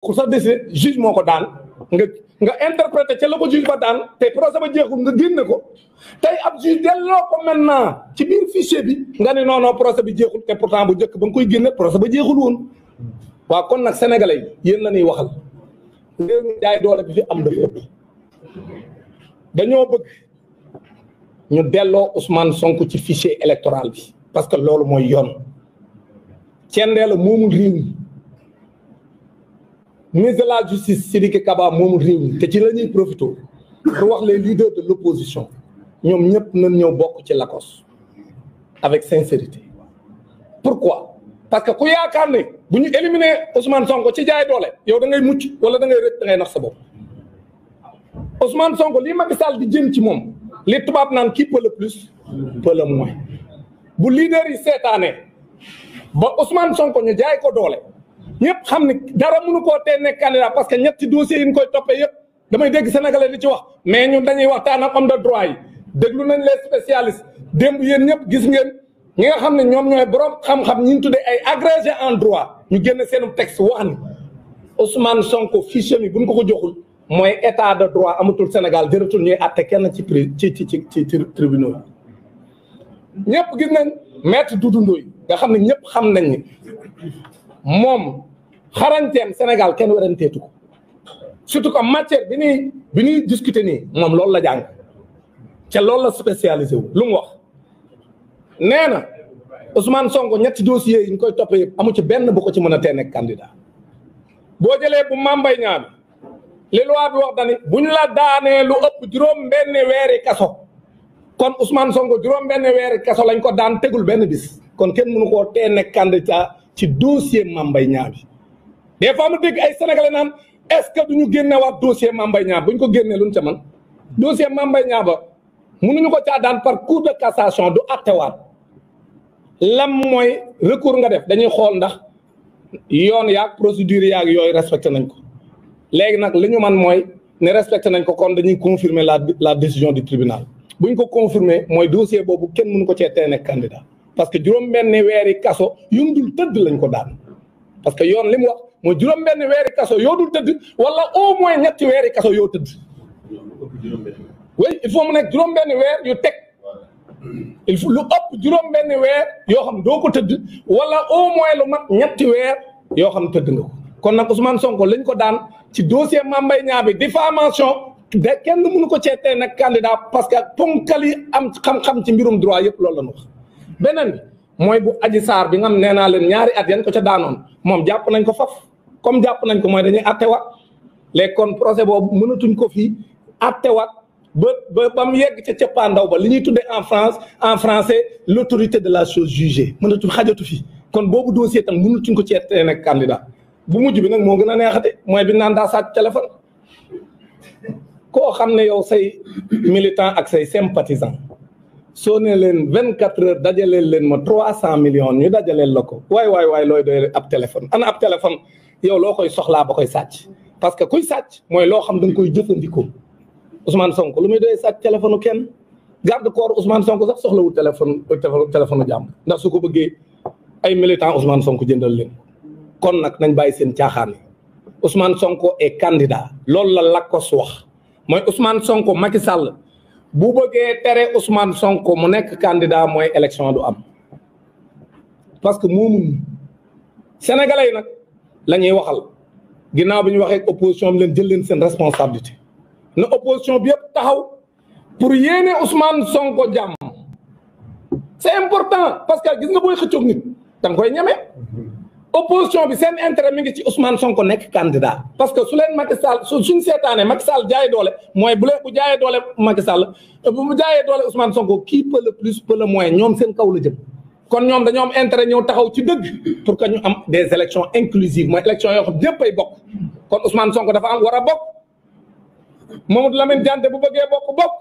ku sa décide juge moo ko daan nga nga interprété ca la ko juge ba daan te procès ba jeexul nga génne ko tey ab juge delloo ko maintenant ci biir fichier bi nga ne non non procès bi jeexul te pourtant bu njëkk ba nga koy génne procès ba jeexul woon waaw kon nag sénégalais yi yéen la ñuy waxal léegi jaay doole bi fi am dafa ëpp dañoo bëgg ñu delloo Ousmane Sonko ci fichier électoral bi parce que loolu mooy yoon cendeela moomul réew ministre de la justice Sidiki Kaba moom réew mi ci la ñuy profité pour wax les leaders de l'opposition ñoom ñëpp nañ ñëw bokk ci lakos avec sincérité pourquoi parce que ku yaakaar ne bu ñu éliminer Ousmane Sonko ci jaay doole yow da ngay mucc wala da ngay rëcc da sa bopp Ousmane Sonko lii Macky Sall di jëm ci moom li tubaab nan qui peut le plus peut le bu leader yi seetaanee ba Ousmane Sonko ñu jaay ko doole ñëpp xam ni dara mënu koo tee nekk candidat parce que ñetti dossiers yi ñu koy toppee yëpp damay dégg sénégalais di ci wax mais ñun dañuy waxtaan ak homme déglu nañ les spécialistes démb yéen ñëpp gis ngeen ñi nga xam ne ñoom ñooy borom xam-xam ñu tuddee ay agrégé en droit ñu génn seen texte wax ni Ousmane sonk fichier mi buñ ko ko joxul mooy état de droit amatul Sénégal jëratul ñu atte kenn ci prix ci ci ci ci tribunaux yi ñëpp gis nañ maître Doudou Ndoye nga xam ne ñëpp xam nañ ni moom. xarañteem Sénégal kenn weranteetu ko surtout que matière bi ñuy bi ñuy discuter nii moom loolu la jàng ce loolu la spécialisé wu lu mu wax nee na Ousmane Sonko ñetti dossiers yi ñu koy toppee yëpp ci benn bu ci mën a tee boo jëlee bu mambay ñaami li loi bi wax dani buñ la daanee lu ëpp juróom benn weeri kaso kon Ousmane songo juróom benn weeri kaso lañ ko daan tegul benn bis kon kenn mënu koo tee nekk candidat ci dossier mambay ñaami des fois mu dégg ay sénégalais naan est-ce que du ñu génnewaat dossier Mame Mbaye Niang bu ñu ko génnee lu ñu ca man dossier Mame Mbaye Niang ba mënuñu ko caa daan par cour de cassation du attewaat lam mooy recours nga def dañuy xool ndax yoon yaag procédure yaag yooyu respecté nañ ko léegi nag li ñu man mooy ne respecté nañ ko kon dañuy confirmer la la décision du tribunal buñ ko confirmer mooy dossier boobu kenn mënu ko cee tee nekk candidat parce que juróom benni weeri kaso yundul tëdd lañ ko daan que yoon mooy juróom benn weeri kaso yoo dul tëdd wala au moins ñetti weeri kaso yoo tëdd oui il faut mu nekk juróom benn weer yu teg il faut lu ëpp juróom benn weer yoo xam doo ko tëdd wala au moins lu mat ñetti weer yoo xam tëdd nga ko kon nag Ousmane Sonko lañ ko daan ci dossier Mame Mbaye Niang bi diffamation de kenn mënu ko ceetee nag candidat parce que ponkal yi am xam-xam ci mbirum droit yëpp loolu la wax beneen bi mooy bu Adji saar bi nga xam nee naa leen ñaari at yan ca daanoon moom jàpp nañ ko faf comme jàpp nañ ko mooy dañuy attewaat léegi kon procès boobu mënatuñ ko fii attewaat ba ba ba mu yegg ca cëppaandaw ba li ñuy tuddee en France en français l' autorité de la chose jugée mënatu xajatu fi kon boobu dossier tam mënatuñ ko cee tee nekk candidat bu mujj bi nag moo gën a neexate mooy bi naan daa sàcc téléphone koo xam ne yow say militant ak say sympathisant soo ne leen vingt quatre heures dajaleel leen ma trois cent millions ñu dajaleel la ko waay waay waay looy doy ab téléphone ana ab téléphone yow loo koy soxlaa ba koy sàcc parce que kuy sàcc mooy loo xam da nga koy jëfandikoo Ousmane Sonko lu muy doy sàcc téléphone kenn garde corps Ousmane Sonko sax soxlawul téléphone téléphone jàmm ndax su ko bëggee ay militant Ousmane Sonko jëndal leen kon nag nañ bàyyi seen caaxaan yi Sonko est candidat loolu la lakko wax mooy Ousmane Sonko Macky Sall bu bëggee tere Ousmane Sonko mu nekk candidat mooy élection du am parce que moomuñu sénégalais yi nag. la ñuy waxal ginnaaw bi ñu waxee opposition bi leen jël leen seen responsabilité na opposition bi yëpp taxaw pour yéene Ousmane Sonko jàmm c'est important parce que gis nga booy xëccoog nit danga koy ñeme opposition bi seen intérêt mi ngi ci Ousmane Sonko nekk candidat parce que su leen Macky Sall su suñ seetaanee Macky Sall jaay doole mooy bu leen bu jaayee doole Macky Sall bu jaayee doole Ousmane Sonko qui peut le plus peut le moins ñoom seen kaw la jëm kon ñoom dañoo am intérêt ñëw taxaw ci dëgg pour que ñu am des élections inclusives mooy élections yoo xam ñëpp ay bokk kon Ousmane Sonko dafa am war a bokk Mamadou Lamine Diante bu bëggee bokk bokk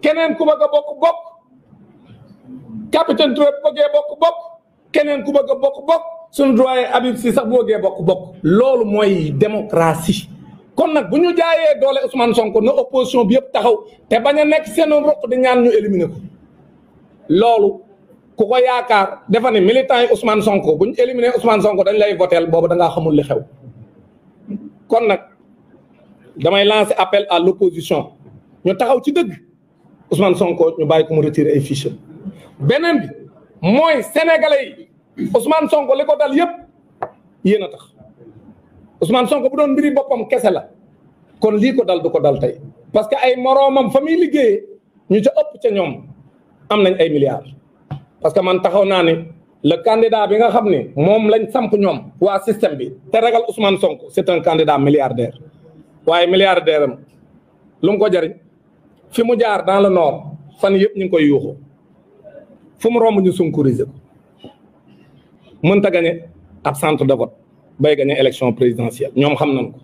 keneen ku bëgg a bokk bokk capitaine Touré bu bëggee bokk bokk keneen ku bëgg a bokk bokk suñu doyen Habib si sax bu bëggee bokk bokk. loolu mooy démocratie. kon nag bu ñu jaayee doole Ousmane sonk na opposition bi yëpp taxaw te bañ a nekk seen ruq di ñaan ñu éliminer ko loolu ku ko yaakaar defa ne militant yi Ousmane Sonko bu ñu éliminé Ousmane Sonko dañ lay votel boobu da ngaa xamul li xew kon nag damay lancer appel à l'opposition ñu taxaw ci dëgg Ousmane Sonko ñu bàyyi ko mu retirer ay beneen bi mooy sénégalais yi Sonko li ko dal yëpp yéen a tax Ousmane Sonko bu doon biri boppam kese la kon lii ko dal du ko dal tey parce que ay moroomam fa muy liggéeyee ñu ca ëpp ca ñoom am nañ ay milliards. parce que man taxaw naa ne le candidat bi nga xam ne moom lañ samp ñoom waa système bi te ragal Ousmane Sonko c'est un candidat milliardaire waaye milliardaire am lu mu ko jariñ fi mu jaar dans le nord fan yëpp ñu ngi koy yuuxu fu mu romb ñu sunkuriser ko mënta gañe ab centre de vote bay gañe élection présidentielle ñoom xam nañ ko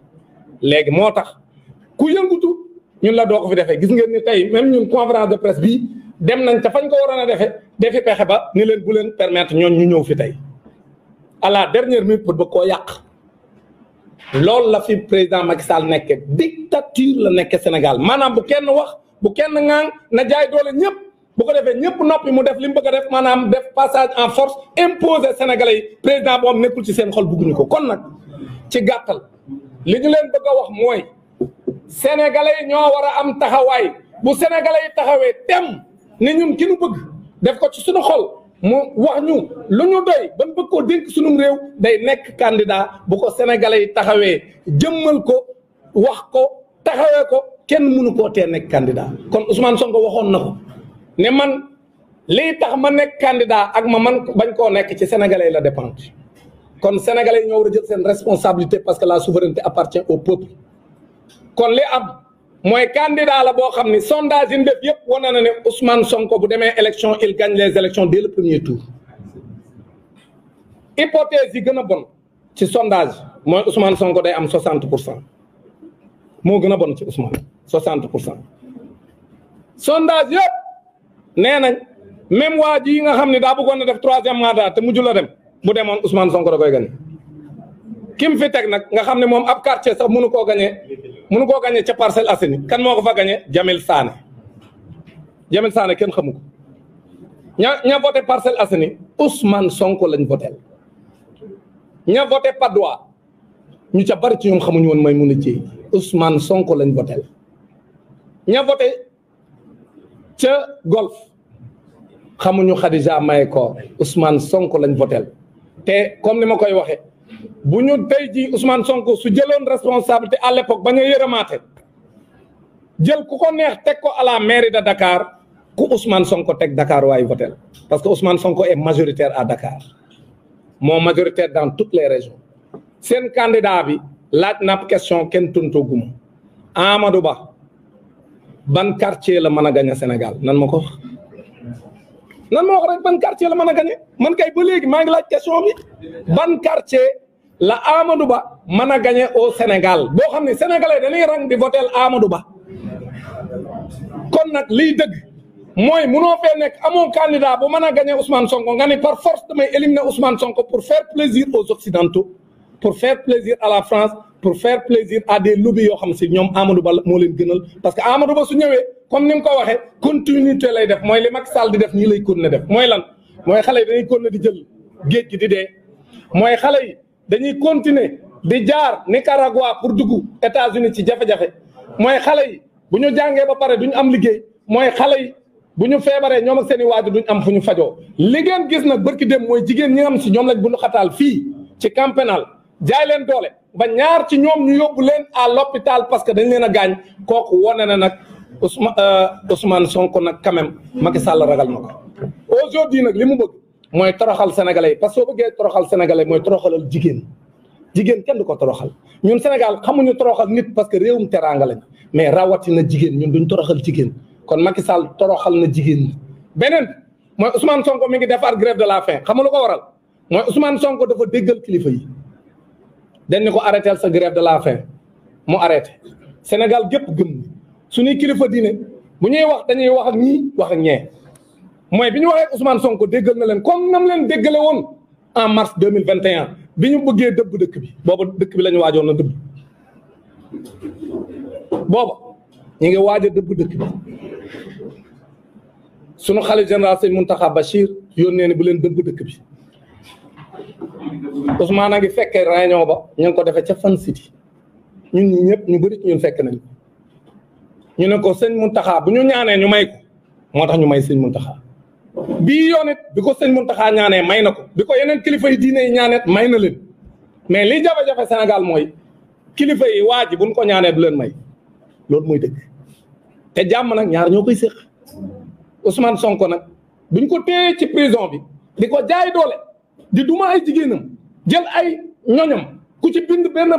léegi moo tax ku yëngutu ñun la doo ko fi defee gis ngeen ni tey même ñun conférence de presse bi dem nañ ca fañ ko waroon a defee defi pexe ba ni leen bu leen permettre ñoon ñu ñëw fi tey à la dernière minute pour bëgg koo yàq loolu la fi président Macky Sall nekke dictature la nekke Sénégal maanaam bu kenn wax bu kenn ŋaang na jaay doole ñëpp bu ko defee ñëpp noppi mu def li mu bëgg a def maanaam def passage en force imposer Sénégalais yi président boobu nekkul ci seen xol bugguñu ko kon nag ci gàttal li ñu leen bëgg wax mooy Sénégalais yi ñoo war a am taxawaay bu Sénégalais yi taxawee tem ni ñun ki nu def ko ci suñu xol mu wax ñu lu ñu doy ban bëgg koo dénk suñu réew day nekk candidat bu ko sénégalais yi taxawee jëmmal ko wax ko taxawee ko kenn mënu koo tee nekk candidat kon Ousmane Sonko waxoon na ko ne man lii tax ma nekk candidat ak ma man bañ koo nekk ci sénégalais la dépend kon sénégalais ñoo war a jël seen responsabilité parce que la souveraineté appartient au peuple kon li am mooy candidat la boo xam ni sondage yi def yëpp wane na ne Ousmane Sonko bu demee élection il gagne les élections dès le premier tour hypothèse yi gën a bon ci sondage mooy Ousmane Sonko day am 60 pour cent moo gën a bon ci Ousmane 60 pour cent sondage yëpp nee nañ même waa ji yi nga xam ne daa bëggoon na def troisième mandat te mujj la dem bu demoon Ousmane Sonko da koy gagné. kim fi teg nag nga xam ne moom ab quartier sax mënu koo gagné mun nu koo gagné ca parcelle Assainies kan moo ko fa gagné Jamil Sané Jamil Sané kenn xamu ko ña ña voté Parcelles Assainies Sonko lañ voté ña voté Patte ñu ca bari ci ñoom xamuñu woon may mun a ci Ousmane Sonko lañ voté ña voté ca Golf xamuñu Khadija Mahécor Ousmane Sonko lañ voté te comme ni ma koy waxee. bu ñu tey ji Ousmane Sonko su jëloon responsabilité à l'époque ba ñu yërëmaate jël ku ko neex teg ko à la mairie de Dakar ku Ousmane Sonko teg Dakar waayu votel parce que usman Sonko est majoritaire à Dakar moo majoritaire dans toutes les régions seen candidat bi laaj na question kenn tuntooguma Amadou Ba ban quartier la man a gañ Sénégal nan ma nan ma rek ban quartier la mën a gañe man kay ba léegi maa ngi laaj question bi ban quartier la Amadou Ba mën a gagné au Sénégal boo xam ne sénégalais dañuy rang di votel Amadou Ba kon nag liy dëgg mooy munoo fee nekk amoo candidat boo mën a gagné Ousmane Sonko nga ni par force damay éliminer Ousmane Sonko pour faire plaisir aux Occidentaux pour faire plaisir à la France pour faire plaisir à des lobbies yoo xam si ñoom Amadou Ba moo leen gënal parce que Amadou Ba su ñëwee comme ni mu ko waxee continuité lay def mooy li Macky Sall di def nii lay continuer def mooy lan mooy xale yi dañuy continuer di jël géej gi di dee mooy xale yi. dañuy continuer di jaar Nicaragua pour dugg États-Unis ci jafe-jafe mooy xale yi bu ñu jàngee ba pare duñ am liggéey mooy xale yi bu ñu feebaree ñoom ak seen i waajur duñ am fu ñu fajoo li ngeen gis nag ki dem mooy jigéen ñi nga xam si ñoom lañ bu nu xataal fii ci camp pénal jaay leen doole ba ñaar ci ñoom ñu yóbbu leen à l'hôpital parce que dañ leen a gaañ kooku wone na nag Ousmane euh, Ousmane Sonko nag quand même Macky Sall ragal na ko nag li mu bëgg mooy toroxal sénégalais parce que soo bëggee toroxal sénégalais mooy toroxalal jigéen jigéen kenn du ko toroxal ñun Sénégal xamuñu toroxal nit parce que réewum teraanga mais rawatina jigéen ñun duñ toroxal jigéen kon Macky Sall toroxal na jigéen beneen mooy Ousmane Sonko mi ngi defar grève de la fin xam nga lu ko waral mooy Ousmane Sonko dafa déggal kilifa yi dañ ko arrêté sa grève de la faim mu arrêté Sénégal gépp gëm suñuy kilifa diine bu ñuy wax dañuy w ak ñii wax ak mooy bi ñu waxee Ousmane Sonko déggal na leen comme nam leen déggale woon en mars deux mille vingt bi ñu bëggee dëbb dëkk bi booba dëkk bi la ñu waajoon na dëbb booba ñu ngi waaj a dëbb dëkk bi sunu xale général sëñ Mountakha Bachir yónnee ne bu leen dëbb dëkk bi Ousmane a ngi fekkee réunion ba ñu ngi ko defee ca Fan siti ñun ñi ñëpp ñu bëri ñu fekk nañ ñu ne ko sëñ taxaa bu ñu ñaanee ñu may ko moo tax ñu may mun Mountakha bii yoon it bi ko sëñ Muntaxa ñaanee may na ko bi ko yeneen kilifa yi diine yi ñaaneet may na leen mais li jafe-jafe Sénégal mooy kilifa yi waa ji buñ ko ñaanee du leen may loolu mooy dëgg te jàmm nag ñaar ñoo koy séq Ousmane Sonko nag buñ ko téye ci prison bi di ko jaay doole di duma ay jigéenam jël ay ñoñam ku ci bind benn